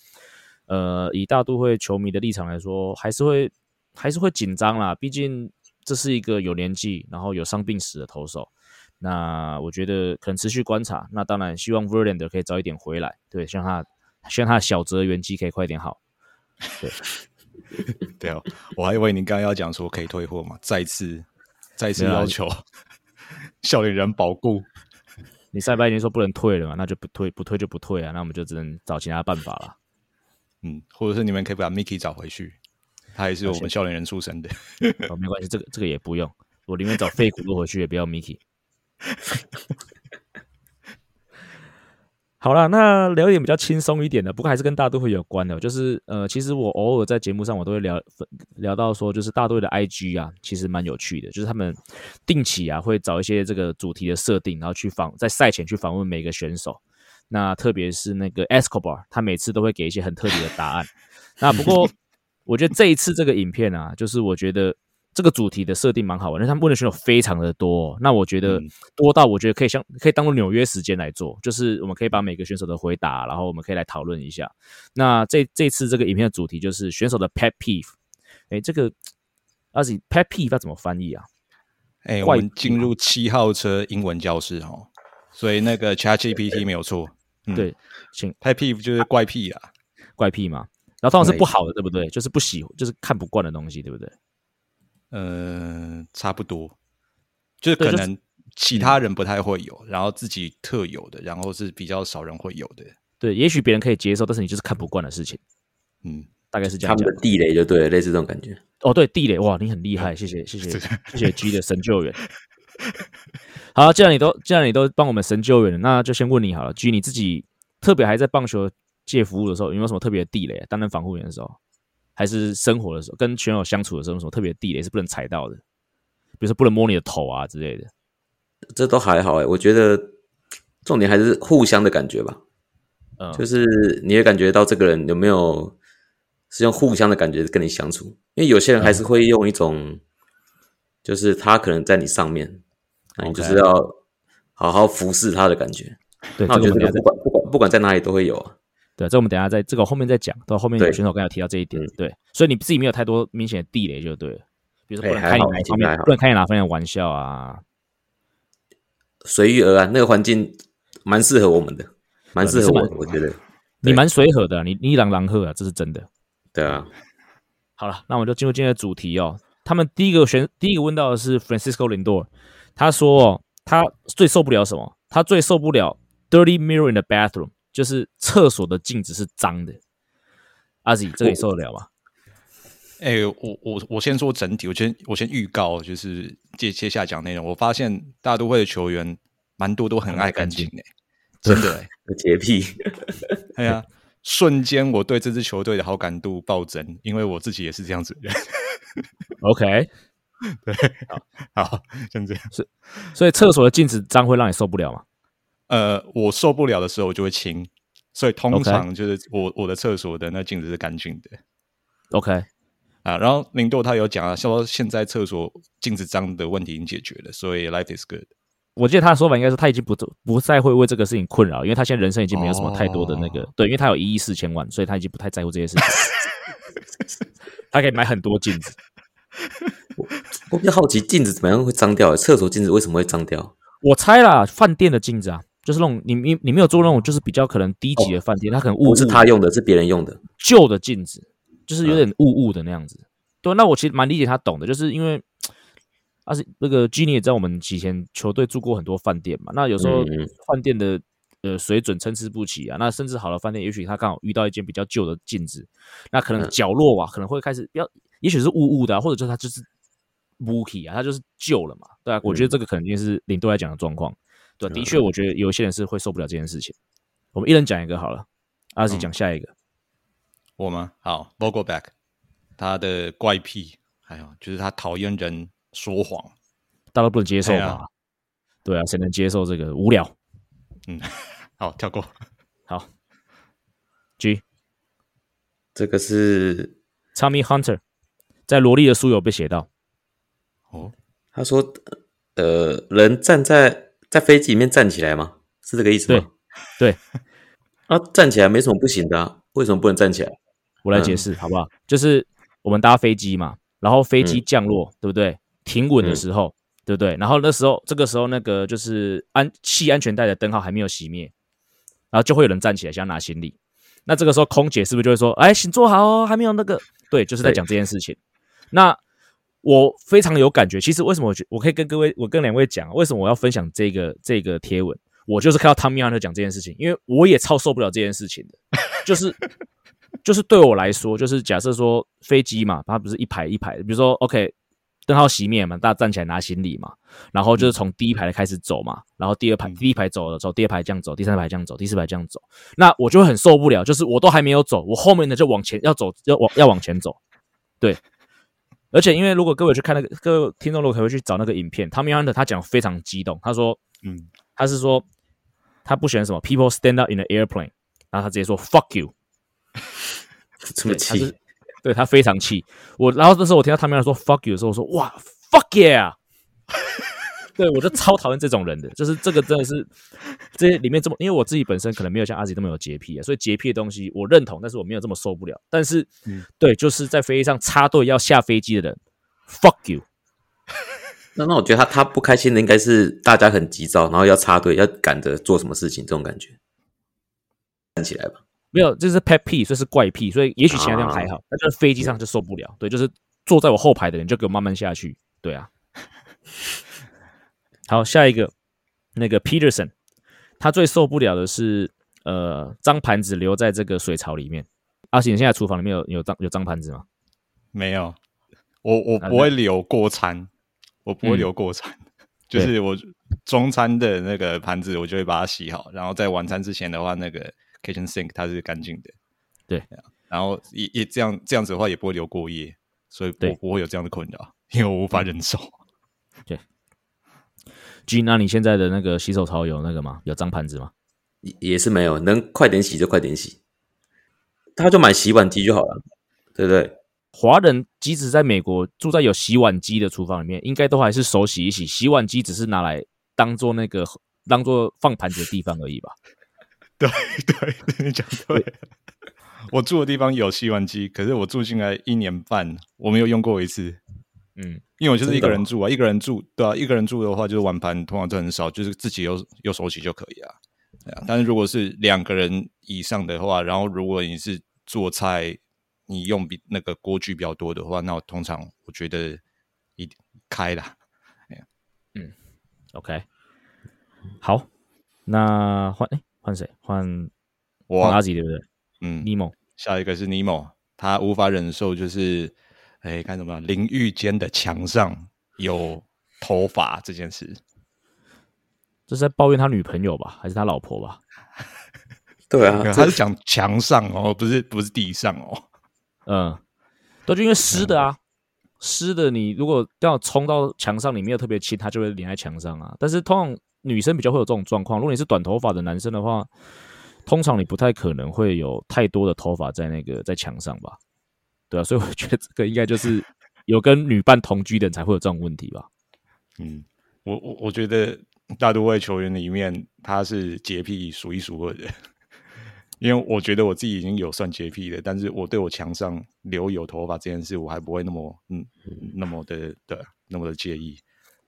呃，以大都會球迷的立場來說，還是會還是會緊張啦。畢竟這是一個有年紀，然後有傷病史的投手。那我覺得可能持續觀察。那當然希望 Verlander 可以早一點回來，對，希望他，希望他的小澤圓肌可以快點好。對， 對啊，哦，我還以為你剛剛要講說可以退貨嘛，再次再次要求。笑臉人保護你塞班已經說不能退了嘛，那就不退，不退就不退啊，那我們就只能找其他辦法了。嗯，或者是你們可以把 Miki 找回去，他也是我們笑臉人出身的、 哦，沒關係，這個這個也不用，我寧願找廢骨肉回去也不要 Miki。 好了，那聊一點比較輕鬆一點的，不過還是跟大都會有關的，就是呃，其實我偶爾在節目上我都會聊聊到說，就是大都會的 IG 啊，其實蠻有趣的，就是他們定期啊會找一些這個主題的設定，然後去訪，在賽前去訪問每個選手。那特別是那個 Escobar，他每次都會給一些很特別的答案。 那不過我覺得這一次這個影片啊，就是我覺得。這個主題的設定蠻好玩，那他們的選手非常的多，那我覺得多到我覺得可以像可以當做紐約時間來做，就是我們可以把每個選手的回答，然後我們可以來討論一下。那這這次這個影片的主題就是選手的 pet peeve，哎，這個而且、啊、pet peeve 要怎麼翻譯啊？哎，我們進入七號車英文教室哦，所以那個 ChatGPT 沒有錯，對，對嗯、請 pet peeve 就是怪癖啊，怪癖嘛，然後通常是不好的，對，對不對？就是不喜歡，就是看不慣的東西，對不對？嗯、呃，差不多，就是可能其他人不太會有、就是，然後自己特有的，然後是比較少人會有的。對，也許別人可以接受，但是你就是看不慣的事情。嗯，大概是這樣的。他們的地雷就對，類似這種感覺。哦，對，地雷，哇，你很厲害，嗯、謝謝，謝謝，謝謝 G 的神救援。 好，既然你都既然你都幫我們神救援了，那就先問你好了，G 你自己特別還在棒球界服務的時候，有沒有什麼特別的地雷？擔任防護員的時候，還是生活的時候，跟球友相處的時候，什麼特別的地雷是不能踩到的？比如說不能摸你的頭啊之類的，這都還好哎、欸。我覺得重點還是互相的感覺吧。嗯，就是你也感覺到這個人有沒有是用互相的感覺跟你相處？因為有些人還是會用一種，就是他可能在你上面、嗯，那你就是要好好服侍他的感覺。對，那我覺得不管、嗯、不管不管在哪裡都會有啊。對，這我們等下在這個後面再講。到後面有選手剛才提到這一點對，對，所以你自己沒有太多明顯的地雷就對了，比如說不能開、欸，哪方面，不能開哪方面，面的玩笑啊。隨遇而安，那個環境蠻適合我們的，蠻適合我，們我，我覺得你蠻隨和的，你你朗朗呵啊，這是真的。對啊，好了，那我們就進入今天的主題哦。他們第一個選，第一個問到的是 Francisco Lindor，他說他最受不了什麼？他最受不了 dirty mirror in the bathroom。就是廁所的鏡子是髒的，阿紫，這你受得了嗎？哎、欸，我我我先說整體，我先我先預告，就是接接下來講內容。我發現大都會的球員蠻多都很愛乾淨的，真的，欸，潔癖。哎呀，瞬間我對這支球隊的好感度暴增，因為我自己也是這樣子的。 OK，對，好，好，像這樣是，所以廁所，廁所的鏡子髒會讓你受不了嗎？呃，我受不了的時候我就會清，所以通常就是我、okay. 我的廁所的那鏡子是乾淨的。OK 啊，然後林多他有講啊，說現在廁所鏡子髒的問題已經解決了，所以 Life is good。我記得他的說法應該是他已經不不再會為這個事情困擾，因為他現在人生已經沒有什麼太多的那個、oh. 對，因為他有一億四千萬，所以他已經不太在乎這些事情。 他可以買很多鏡子。 我比較好奇鏡子怎麼樣會髒掉、欸？廁所鏡子為什麼會髒掉？我猜啦，飯店的鏡子啊。就是那種你你你沒有做那種就是比較可能低級的飯店、哦，他可能霧霧不是他用的，是別人用的舊的鏡子，就是有點霧霧的那樣子、嗯。對，那我其實蠻理解他懂的，就是因為他是那個 Gini 也在我們以前球隊住過很多飯店嘛。那有時候飯店的嗯嗯呃水準參差不齊啊，那甚至好的飯店，也許他剛好遇到一間比較舊的鏡子，那可能角落啊、嗯、可能會開始比較，也許是霧霧的、啊，或者就是他就是 vicky 啊，他就是舊了嘛。對啊，我覺得這個肯定是領隊來講的狀況。嗯對，的確，我覺得有些人是會受不了這件事情。我們一人講一個好了，阿吉講下一個、嗯。我嗎？好 Vogelbach 他的怪癖還有、哎、就是他討厭人說謊，大家不能接受吧？對啊，誰、啊、能接受這個無聊？嗯，好，跳過。好，G，這個是 Tommy Hunter，在蘿莉的書有被寫到。哦，他說，呃，人站在。在飛機裡面站起來嗎？是這個意思嗎？對，對啊，站起來沒什麼不行的、啊、為什麼不能站起來？嗯、我來解釋好不好？就是我們搭飛機嘛，然後飛機降落、嗯，對不對？停穩的時候、嗯，對不對？然後那時候，這個時候，那個就是安繫安全帶的燈號還沒有熄滅，然後就會有人站起來想要拿行李。那這個時候，空姐是不是就會說：“哎、欸，請坐好哦，還沒有那個……對，就是在講這件事情。”那我非常有感覺。其實為什麼我覺我可以跟各位，我跟兩位講，為什麼我要分享這個這個貼文？我就是看到 Tommy 就講這件事情，因為我也超受不了這件事情的， 就是就是對我來說，就是假設說飛機嘛，它不是一排一排，比如說 OK 燈號熄滅嘛，大家站起來拿行李嘛，然後就是從第一排開始走嘛，然後第二排第一排走了走第二排這樣走，第三排這樣走，第四排這樣走，那我就很受不了，就是我都還沒有走，我後面的就往前要走，要往要往前走，對。而且，因為如果各位去看那個，各位聽眾如果可以去找那個影片，Tommy Hunter 他講非常激動。他說：“嗯，他是說他不喜歡什麼 People Stand Up in the Airplane，然後他直接說 Fuck you，這麼 氣，對，他，對他非常氣。我然後那時候我聽到 Tommy Hunter 說 Fuck you 的時候，我說哇，Fuck yeah！” 對，我就超討厭這種人的，就是這個真的是這裡面這麼，因為我自己本身可能沒有像阿杰這麼有潔癖啊，所以潔癖的東西我認同，但是我沒有這麼受不了。但是，嗯、對，就是在飛機上插隊要下飛機的人，fuck you。 那那我覺得他他不開心的應該是大家很急躁，然後要插隊要趕着做什麼事情，這種感覺站起來吧。沒有，這，就是 pet peeve 這是怪癖，所以也許其他地方還好，啊，但就是飛機上就受不了。對，就是坐在我後排的人就給我慢慢下去。對啊。 好，下一個那個 Peterson，他最受不了的是，呃，髒盤子留在這個水槽裡面。阿信，你現在廚房裡面有有髒有髒盤子嗎？沒有，我我不會留過餐，啊、我不會留過餐、嗯，就是我中餐的那個盤子，我就會把它洗好，然後在晚餐之前的話，那個 kitchen sink 它是乾淨的。對，然後也也這樣這樣子的話，也不會留過夜，所以我不會有這樣的困擾，因為我無法忍受。對。G，那你現在的那個洗手槽有那個嗎？有髒盤子嗎？也是沒有，能快點洗就快點洗，他就買洗碗機就好了，對不對？華人即使在美國住在有洗碗機的廚房裡面，應該都還是手洗一洗，洗碗機只是拿來當做那個，當做放盤子的地方而已吧？ 對對，對，你講對。我住的地方有洗碗機，可是我住進來一年半，我沒有用過一次。嗯，因為我就是一個人住啊，一個人住，對啊，一個人住的話，就是碗盤通常都很少，就是自己有有手洗就可以啊，啊。但是如果是兩個人以上的話，然後如果你是做菜，你用比那個鍋具比較多的話，那我通常我覺得一開啦。啊、嗯，OK，好，那換哎換誰？換、欸、我、啊、換阿吉對不對？嗯，尼莫，下一個是尼莫，他無法忍受就是。哎、欸，看什麼？淋浴間的牆上有頭髮這件事，這是在抱怨他女朋友吧，還是他老婆吧？ 對啊，嗯、是他是講牆上哦，不是不是地上哦。嗯，都是因為濕的啊，濕、嗯、的你如果要衝到牆上，你沒有特別輕，它就會粘在牆上啊。但是通常女生比較會有這種狀況，如果你是短頭髮的男生的話，通常你不太可能會有太多的頭髮在那個在牆上吧。對啊，所以我覺得這個應該就是有跟女伴同居的人才會有這種問題吧。 嗯，我我我覺得大都會球員裡面他是潔癖數一數二的， 因為我覺得我自己已經有算潔癖的，但是我對我牆上留有頭髮這件事，我還不會那麼嗯，嗯，那麼的的那麼的介意。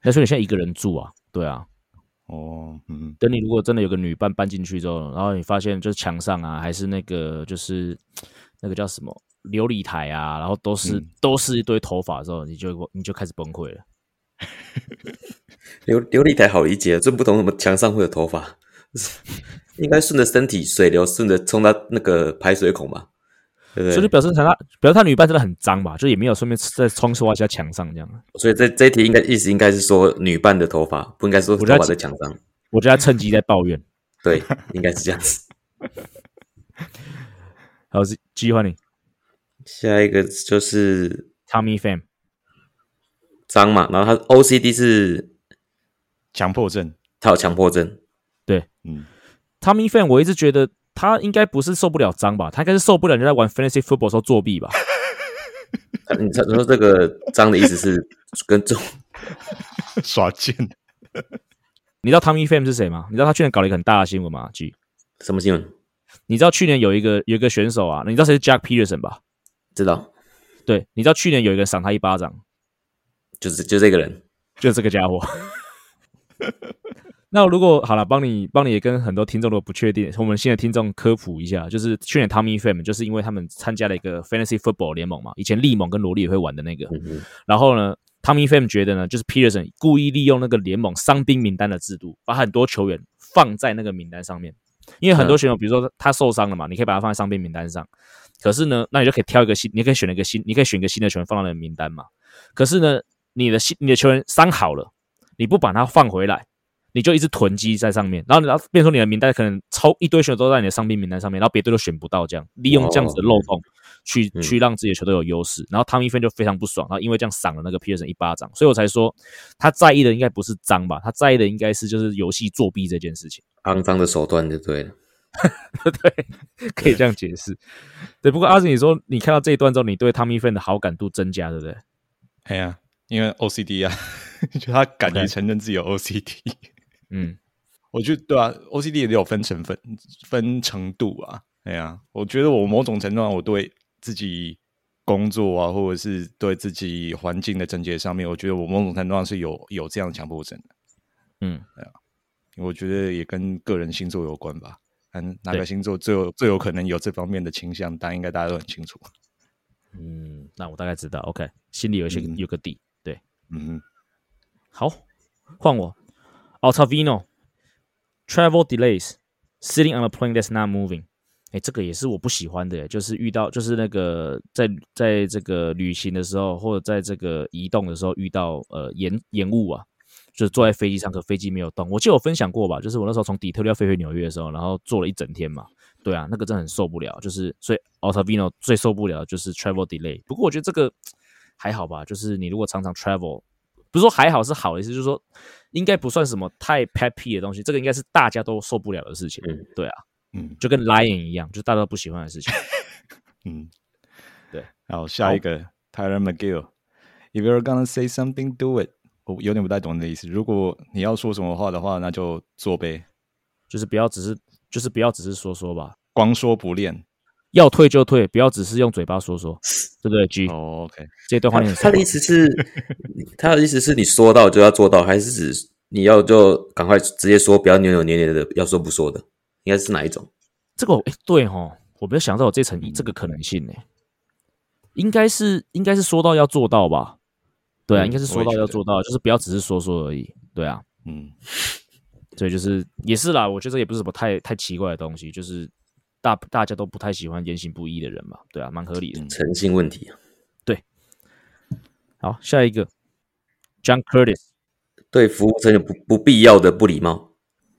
那所以你現在一個人住啊？對啊。哦，嗯。等你如果真的有個女伴搬進去之後，然後你發現就是牆上啊，還是那個就是那個叫什麼？琉璃台啊，然後都是、嗯、都是一堆頭髮的時候，你就你就開始崩潰了。 琉璃琉璃台好理解，這不懂什麼牆上會有頭髮，應該順着身體水流，順着沖到那個排水孔嘛，對不對？所以就表示他表示他女伴真的很髒吧？就也沒有順便再沖刷一下牆上這樣。所以這這題應該意思應該是說女伴的頭髮，不應該說頭髮在牆上。我覺得他趁機在抱怨， 對，應該是這樣子。 好，繼續換你。下一個就是 Tommy Pham，髒嘛，然後他 O C D 是強迫症，他有強迫症，對，嗯，Tommy Pham，我一直覺得他應該不是受不了髒吧，他應該是受不了人在玩 Fantasy Football 的時候作弊吧 。你你說這個髒的意思是跟種 耍賤劍笑？你知道 Tommy Pham 是誰嗎？你知道他去年搞了一個很大的新聞嗎？G，什麼新聞？你知道去年有一個有一個選手啊？你知道誰是 Joc Pederson 吧？知道，對，你知道去年有一個賞他一巴掌，就是就這個人，就這個家伙。 那如果好了，幫你幫你也跟很多聽眾都不確定，我們現在聽眾科普一下，就是去年 Tommy Pham 就是因為他們參加了一個 Fantasy Football 聯盟嘛，以前立盟跟羅莉也會玩的那個。嗯、然後呢，Tommy Pham 覺得呢，就是 Pederson 故意利用那個聯盟傷兵名單的制度，把很多球員放在那個名單上面，因為很多選手、嗯、比如說他受傷了嘛，你可以把他放在傷兵名單上。可是呢，那你就可以挑一個新，你可以選了一個新，你可以選一個新的球員放到你的名單嘛。可是呢，你的新你的球員傷好了，你不把他放回來，你就一直囤積在上面，然後然後變成你的名單可能抽一堆選手都在你的傷兵名單上面，然後別隊都選不到這樣，利用這樣子的漏洞去、哦去，嗯、去讓自己的球隊有優勢。然後 Tommy Pham 就非常不爽，然後因為這樣賞了那個皮爾森一巴掌，所以我才說他在意的應該不是髒吧，他在意的應該是就是遊戲作弊這件事情，骯髒的手段就對了。 對，可以這樣解釋。 對，不過阿子你說你看到這一段之後，你對 Tommy Fan 的好感度增加，對不對？哎呀、啊，因為 OCD 啊，就他敢於承認自己有 OCD。嗯、okay.，我覺得對啊，OCD 也得有分成分分程度啊。哎呀，我覺得我某種程度上，我對自己工作啊，或者是對自己環境的整潔上面，我覺得我某種程度上是有有這樣的強迫症的。嗯，哎呀、啊，我覺得也跟個人星座有關吧。嗯，哪個星座最有最有可能有這方面的傾向？大家應該大家都很清楚。嗯，那我大概知道。OK，心裡有些，嗯、有個底。對，嗯哼。好，換我。Ottavino, travel delays, sitting on a plane that's not moving。欸。哎，這個也是我不喜歡的，就是遇到就是那個在在這個旅行的時候，或者在這個移動的時候遇到呃延延誤啊。就坐在飛機上，可飛機沒有動。我記得我分享過吧,就是我那時候從底特律要飛回紐約的時候，然後坐了一整天嘛。對啊，那個真的很受不了。就是所以 Ottavino 最受不了就是 travel delay。不過我覺得這個還好吧，就是你如果常常 travel，不是說還好是好的意思，就是說應該不算什麼太 pet peeve 的東西。這個應該是大家都受不了的事情。嗯、對啊，嗯，就跟 lying 一樣，就大家都不喜歡的事情。嗯， 對。然後下一個、oh, Tyler McGill，If you're gonna say something, do it. 我有點不太懂你的意思。如果你要說什麼話的話，那就做唄，就是不要只是，就是不要只是說說吧，光說不練，要退就退，不要只是用嘴巴說說， 對不對？G，哦，OK，這段話他的意思是，他的意思是，你說到就要做到， 還是指你要就趕快直接說，不要扭扭捏捏的，要說不說的，應該是哪一種？這個哎、欸，對哦，我沒有想到有這層這個可能性哎，應該是應該是說到要做到吧。對啊、嗯，應該是說到要做到，就是不要只是說說而已。對啊，嗯，所以就是也是啦，我覺得這也不是什麼太太奇怪的東西，就是大大家都不太喜歡言行不一的人嘛。對啊，蠻合理的、嗯，誠信問題。對，好，下一個，John Curtis，對，服務生有不不必要的不禮貌。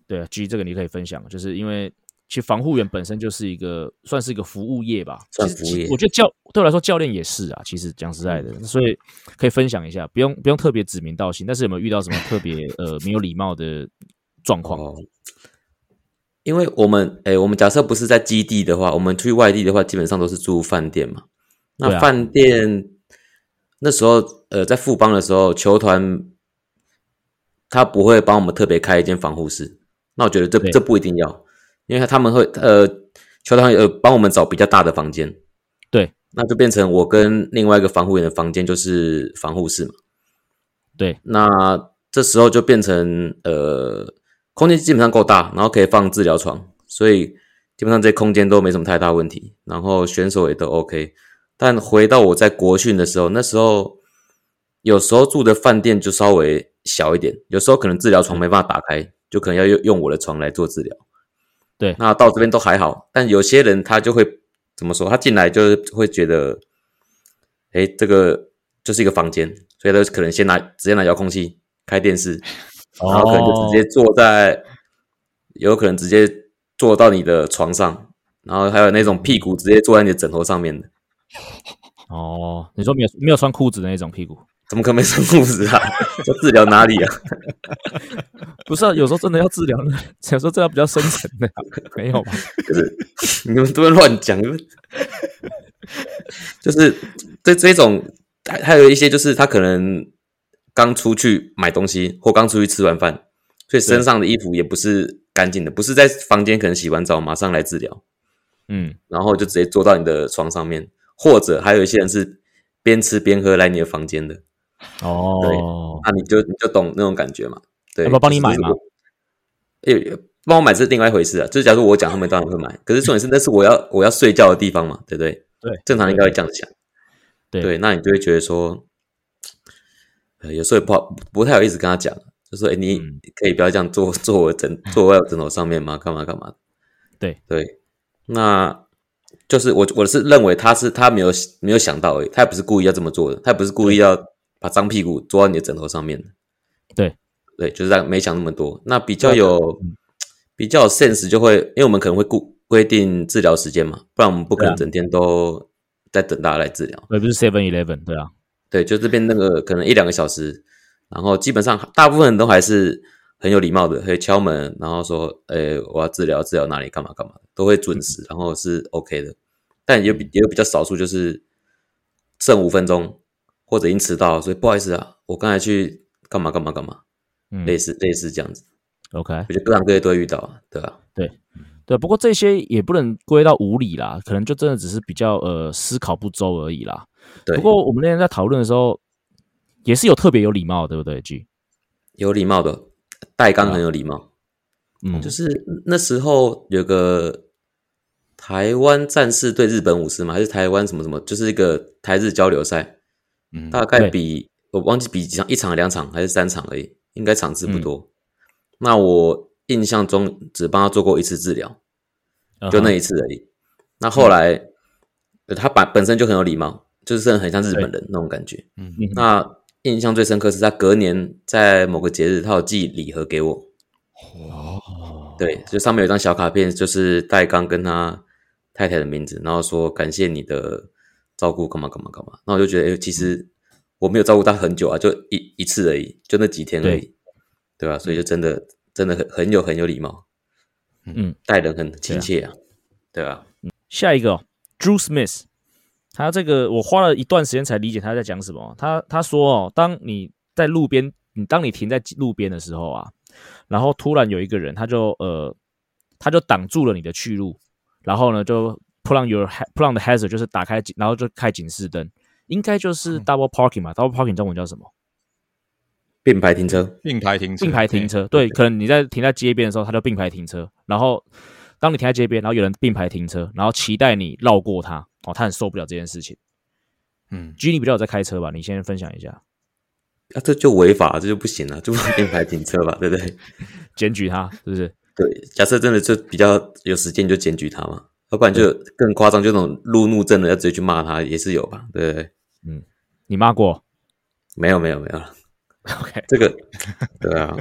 對啊，至於這個你可以分享，就是因為。其實防護員本身就是一個算是一個服務業吧，算服務業。我覺得教對我來說教練也是啊，其實講實在的，嗯、所以可以分享一下，不用不用特別指名道姓。但是有沒有遇到什麼特別 呃沒有禮貌的狀況？哦、因為我們哎，我們假設不是在基地的話，我們去外地的話，基本上都是住飯店嘛。那飯店、啊、那時候呃，在富邦的時候，球團他不會幫我們特別開一間防護室，那我覺得這這不一定要。因為他們會呃，球團呃，幫我們找比較大的房間，對，那就變成我跟另外一個防護員的房間就是防護室嘛，對，那這時候就變成呃，空間基本上夠大，然後可以放治療床，所以基本上這空間都沒什麼太大問題，然後選手也都 OK。但回到我在國訓的時候，那時候有時候住的飯店就稍微小一點，有時候可能治療床沒辦法打開，就可能要用用我的床來做治療。對，那到這邊都還好，但有些人他就會怎麼說？他進來就會覺得，誒、欸，這個就是一個房間，所以他可能先拿直接拿遙控器開電視，然後可能就直接坐在、哦，有可能直接坐到你的床上，然後還有那種屁股直接坐在你的枕頭上面的。哦，你說沒有沒有穿褲子的那種屁股？怎麼可能沒穿褲子啊？要治療哪裡啊？ 不是啊，有時候真的要治療，有時候真的要比較深層的、啊，沒有吧？就是你們都在亂講，就是對這種還還有一些，就是他可能剛出去買東西，或剛出去吃完飯，所以身上的衣服也不是乾淨的，不是在房間可能洗完澡馬上來治療。嗯，然後就直接坐到你的床上面，或者還有一些人是邊吃邊喝來你的房間的。哦、oh，那你就你就懂那種感覺嘛？對，要，要幫你買嘛，就是？幫我買是另外一回事啊。就是假如我講，他們當然會買。可是重點是，那是我要 我要睡覺的地方嘛，對不對？對，正常應該會這樣講。對，那你就會覺得說，有時候也不好，不太有意思跟他講，就是，說，哎，你可以不要這樣坐坐我枕坐在我枕頭上面嗎、嗯、嘛？幹嘛幹嘛？對對，那就是我我是認為他是他沒有沒有想到而已，他也不是故意要這麼做的，他也不是故意要。把髒屁股坐到你的枕頭上面，對對，就是這樣，沒想那麼多。那比較有、嗯、比較有 sense，就會因為我們可能會規規定治療時間嘛，不然我們不可能整天都在等大家來治療。也不是 Seven Eleven，對啊，對，就這邊那個可能一兩個小時，然後基本上大部分都還是很有禮貌的，可以敲門，然後說：“哎、欸，我要治療，治療哪裡，幹嘛幹嘛。”都會準時，然後是 OK 的。嗯、但也也有比較少數，就是剩五分鐘。或者已經遲到了，所以不好意思啊，我剛才去幹嘛幹嘛幹嘛，嗯，類似類似這樣子，OK，我覺得各行各業都會遇到啊，對吧啊？對，對，不過這些也不能歸到無禮啦，可能就真的只是比較呃思考不周而已啦。對，不過我們那天在討論的時候，也是有特別有禮貌，對不對？G，有禮貌的，帶剛很有禮貌，嗯，就是那時候有個台灣戰士對日本武士嘛，還是台灣什麼什麼，就是一個台日交流賽。嗯，大概比我忘記比幾場，一場、兩場還是三場而已，應該場次不多、嗯。那我印象中只幫他做過一次治療，uh-huh. 就那一次而已。那後來、嗯、他本本身就很有禮貌，就是很像是日本人那種感覺。嗯那印象最深刻是他隔年在某個節日，他有寄禮盒給我。哦、oh.。對，就上面有一張小卡片，就是戴剛跟他太太的名字，然後說感謝你的。照顧幹嘛幹嘛幹嘛？那我就覺得，哎、欸，其實我沒有照顧他很久啊，就一一次而已，就那幾天而已，對吧、啊？所以就真的，真的很很有很有禮貌，嗯，待人很親切啊，對吧、啊啊嗯？下一個、哦、Drew Smith，他這個我花了一段時間才理解他在講什麼。他他說哦，當你在路邊，你當你停在路邊的時候啊，然後突然有一個人，他就呃，他就擋住了你的去路，然後呢就。Pull on your pull on the hazard，就是打開警，然後就開警示燈，應該就是 double parking 嘛、嗯。double parking 中文叫什麼？並排停車。並排停車。並排停車。對，對可能你在停在街邊的時候，他就並排停車。然後當你停在街邊，然後有人並排停車，然後期待你繞過他，哦，他很受不了這件事情。嗯，G，你比較在開車吧？你先分享一下。啊，這就違法，這就不行了、啊，就是並排停車吧，對不對？ 檢舉他是不是？對，假設真的就比較有時間，就檢舉他嘛。要不然就更誇張，就那種路怒症的，要直接去罵他也是有吧？對不對？嗯，你罵過？沒有，沒有，沒有。OK，這個對啊，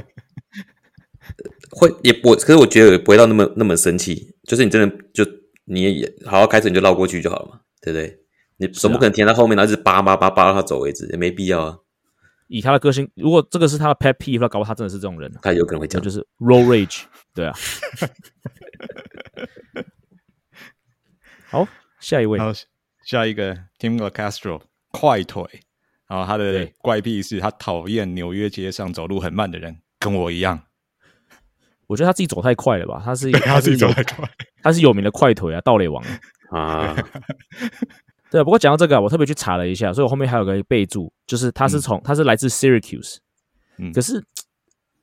會也我，可是我覺得也不會到那麼那麼生氣。就是你真的就你也好好開車，你就繞過去就好了嘛，對不對？你總不可能停在後面，啊、然後一直叭叭叭叭到他走為止，也沒必要啊。以他的個性，如果這個是他的 pet peeve，那搞不好他真的是這種人。他有可能會這樣，就，就是 road rage， 對啊。 好，下一位，好，下一個 Tim Locastro 快腿，然後他的怪癖是他討厭紐約街上走路很慢的人，跟我一樣。我覺得他自己走太快了吧，他是他是他自己走太快，他是有名的快腿啊，盜壘王啊， 啊。對，不過講到這個、啊，我特別去查了一下，所以我後面還有個備註，就是他是從、嗯、他是來自 Syracuse，、嗯、可是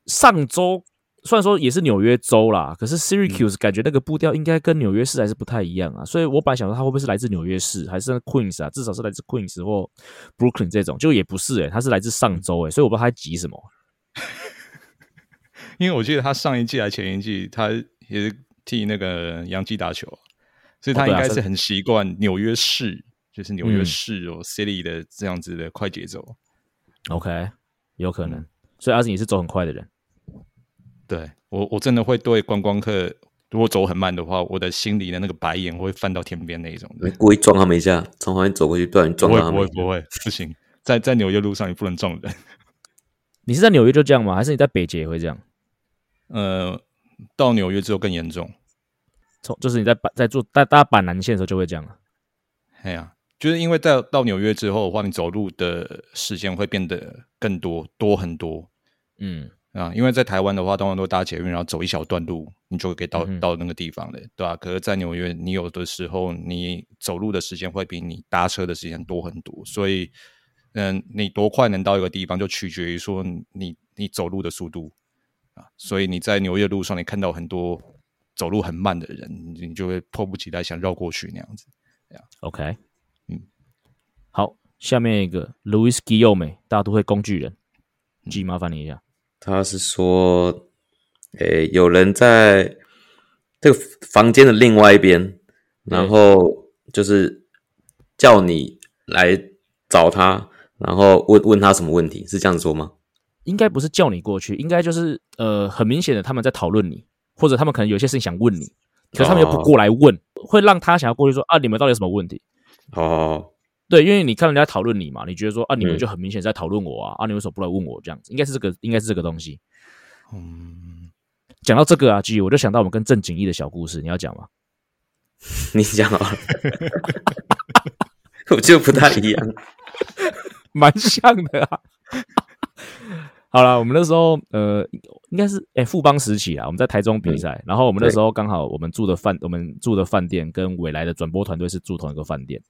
上週。雖然說也是紐約州啦，可是 Syracuse 感覺那個步調應該跟紐約市還是不太一樣啊，所以我本來想說他會不會是來自紐約市，還是 Queens 啊？至少是來自 Queens 或 Brooklyn 這種，就也不是誒、欸，他是來自上州誒、欸，所以我不知道他急什麼。 因為我記得他上一季還前一季，他也是替那個洋基打球，所以他應該是很習慣紐約市，就是紐約市哦 City，嗯、的這樣子的快節奏。OK，有可能，嗯、所以阿信也是走很快的人。對，我，我真的會對觀光客，如果走很慢的話，我的心裡的那個白眼會翻到天邊那一種。你故意撞他們一下，從旁邊走過去，突然你撞不會撞，不會，不會，不行！在在紐約路上，你不能撞人。 你是在紐約就這樣嗎？還是你在北捷會這樣？呃，到紐約之後更嚴重。從就是你在板在坐大大板南線的時候就會這樣了。啊，呀、啊，就是因為到到紐約之後的話，話你走路的時間會變得更多多很多。嗯。啊，因為在台灣的話，當然都搭捷運，然後走一小段路，你就可以到、嗯、到那個地方了，對吧、啊？可是，在紐約，你有的時候你走路的時間會比你搭車的時間多很多，所以，嗯，你多快能到一個地方，就取決於說你你走路的速度啊。所以你在紐約路上，你看到很多走路很慢的人，你就會迫不及待想繞過去那樣子。啊、o、okay. k 嗯，好，下面一個 Luis Guillorme 大都會工具人，G，、嗯、麻煩你一下。他是說，誒，有人在這個房間的另外一邊，然後就是叫你來找他，然後問問他什麼問題，是這樣說嗎？應該不是叫你過去，應該就是呃，很明顯的他們在討論你，或者他們可能有些事情想問你，可是他們又不過來問，哦、好好，會讓他想要過去說啊，你們到底有什麼問題？哦好好。對，因為你看人家討論你嘛，你覺得說啊，你們就很明顯在討論我啊，嗯，啊，你們為什麼不來問我這樣子？應該是這個，應該是這個東西。嗯，講到這個啊，G，我就想到我們跟鄭景義的小故事，你要講嗎？你講啊， 我就不太一樣，蠻 像的。啊。 好了，我們那時候呃，應該是誒、欸、富邦時期啊，我們在台中比賽，嗯，然後我們那時候剛好我們住的飯，我們住的飯店跟未來的轉播團隊是住同一個飯店。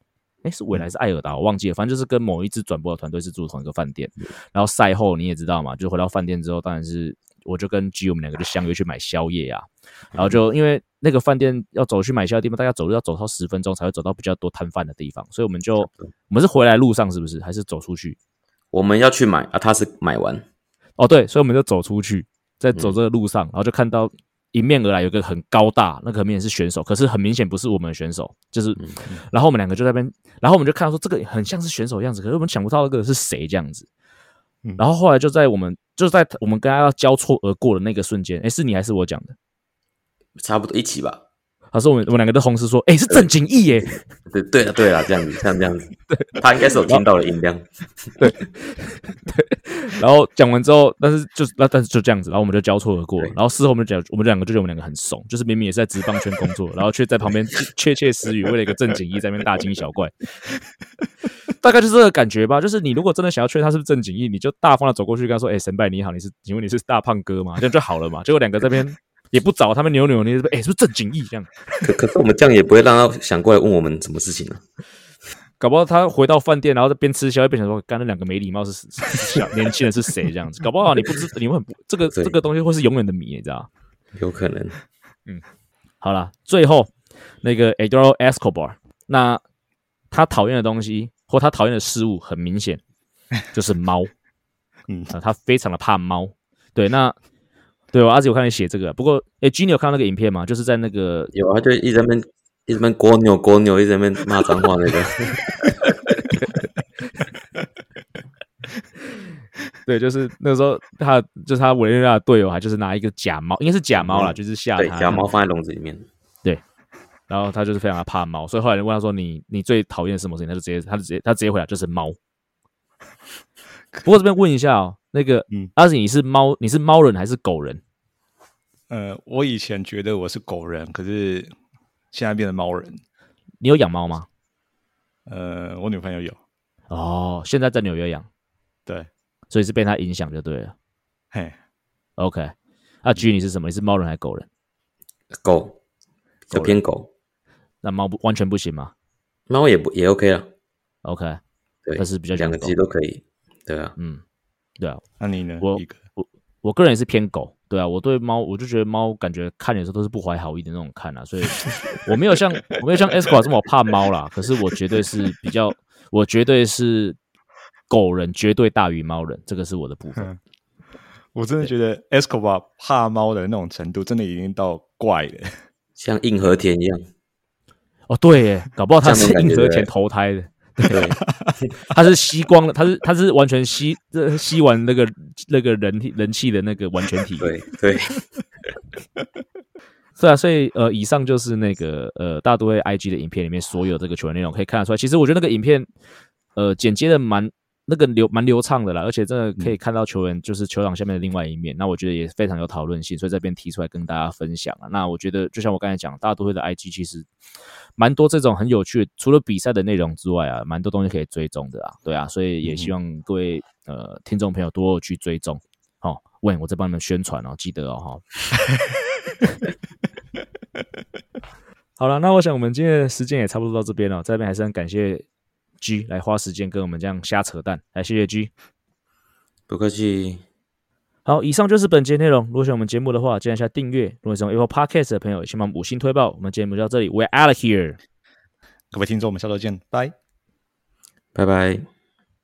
哎、欸，是緯來是愛爾達，我忘記了，反正就是跟某一支轉播的團隊是住同一個飯店，嗯。然後賽後你也知道嘛，就回到飯店之後，當然是我就跟 G 友們兩個就相約去買宵夜啊。嗯、然後就因為那個飯店要走去買宵夜的地方，大家走路要走到十分鐘才會走到比較多攤販的地方，所以我們就、嗯、我們是回來路上是不是？還是走出去？我們要去買啊，他是買完哦，對，所以我們就走出去，在走這個路上，然後就看到。迎面而來有一個很高大，那個很明顯是選手，可是很明顯不是我們的選手。就是，嗯嗯、然後我們兩個就在那邊，然後我們就看到說這個很像是選手樣子，可是我們想不到那個人是誰這樣子、嗯。然後後來就在我們就在我們跟他交錯而過的那個瞬間，哎，是你還是我講的？差不多一起吧。還是我們我們兩個都同時說，哎、欸，是鄭景逸耶，欸！對對啊對啊，這樣子像這樣子，他應該是有聽到了音量， 對對。然後講完之後，但是就那但是就這樣子，然後我們就交錯而過。然後事後我們講，我們兩個就覺得我們兩個很慫，就是明明也是在職棒圈工作， 然後卻在旁邊竊竊私語，為了一個鄭景逸在那邊大驚小怪。 大概就是這個感覺吧。就是你如果真的想要確認他是不是鄭景逸，你就大方的走過去跟他說：“哎、欸，神拜你好，你是請問你是大胖哥嗎？”這樣就好了嘛。結果兩個這邊。也不找他們扭扭你這，哎、欸，是不是正經意義這樣？可可是我們這樣也不會讓他想過來問我們什麼事情啊？ 搞不好他回到飯店，然後邊吃宵夜邊想說，剛才那兩個沒禮貌是，是小 年輕人是誰這樣子？搞不好、啊、你不知你問這個這個東西會是永遠的謎，你知道？有可能，嗯，好了，最後那個 Eduardo Escobar，那他討厭的東西或他討厭的事物很明顯就是貓， 嗯、啊，他非常的怕貓，對，那。對、哦，我阿姨有看到寫這個，不過哎，G 你有看到那個影片嗎？就是在那個有啊，就一直在那邊一直在鍋扭鍋扭，一直在那邊罵髒話那個。 對，就是那個時候，他就是他委內瑞拉隊友，還就是拿一個假貓，應該是假貓啦、嗯、就是嚇他、那個。假貓放在籠子裡面。對，然後他就是非常的怕貓，所以後來就問他說你：“你你最討厭的什麼事情？”他就直接他就直接他直接，他直接回答就是貓。不過這邊問一下哦。那個，嗯，阿、啊、錦，你是貓？你是貓人還是狗人？呃，我以前覺得我是狗人，可是現在變成貓人。你有養貓嗎？呃，我女朋友有。哦，現在在紐約養。對，所以是被她影響就對了。嘿，OK。阿菊你是什麼？你是貓人還狗人？狗，就偏狗。那貓不完全不行嗎？貓也不也 OK 了、啊。OK，對，但是比較兩個雞都可以。對啊，嗯。對啊，那你呢？我我我個人也是偏狗。對啊，我對貓，我就覺得貓感覺看人的時候都是不懷好意的那種看啊，所以我沒有像 我沒有像 Escobar 這麼怕貓啦。 可是我絕對是比較，我絕對是狗人絕對大於貓人，這個是我的部分。我真的覺得 Escobar 怕貓的那種程度，真的已經到怪了，像印和闐一樣。哦，對耶，搞不好他是印和闐投胎的。 對，他是吸光了，他是他是完全吸，吸完那個那個人人氣的那個完全體 對。對對，是啊，所以呃，以上就是那個呃，大都會 IG 的影片裡面所有這個球員內容可以看得出來。其實我覺得那個影片呃，剪接的蠻。那個流蠻流暢的啦，而且真的可以看到球員就是球場下面的另外一面。嗯、那我覺得也非常有討論性，所以在這邊提出來跟大家分享啊。那我覺得就像我剛才講，大都會的 IG 其實蠻多這種很有趣的，除了比賽的內容之外啊，蠻多東西可以追蹤的啊。對啊，所以也希望各位、嗯、呃聽眾朋友多去追蹤。好、哦，喂，我在幫你們宣傳哦，記得哦，哦 好了，那我想我們今天的時間也差不多到這邊了、哦，在這邊還是很感謝。G 來花時間跟我們這樣瞎扯淡，來謝謝 G，不客氣。好，以上就是本節內容。如果喜歡我們節目的話，記得按一下訂閱。如果使用 Apple Podcast 的朋友，先把五星推爆。我們節目就到這裡，We're out of here。各位聽眾，我們下週見，拜拜拜。Bye bye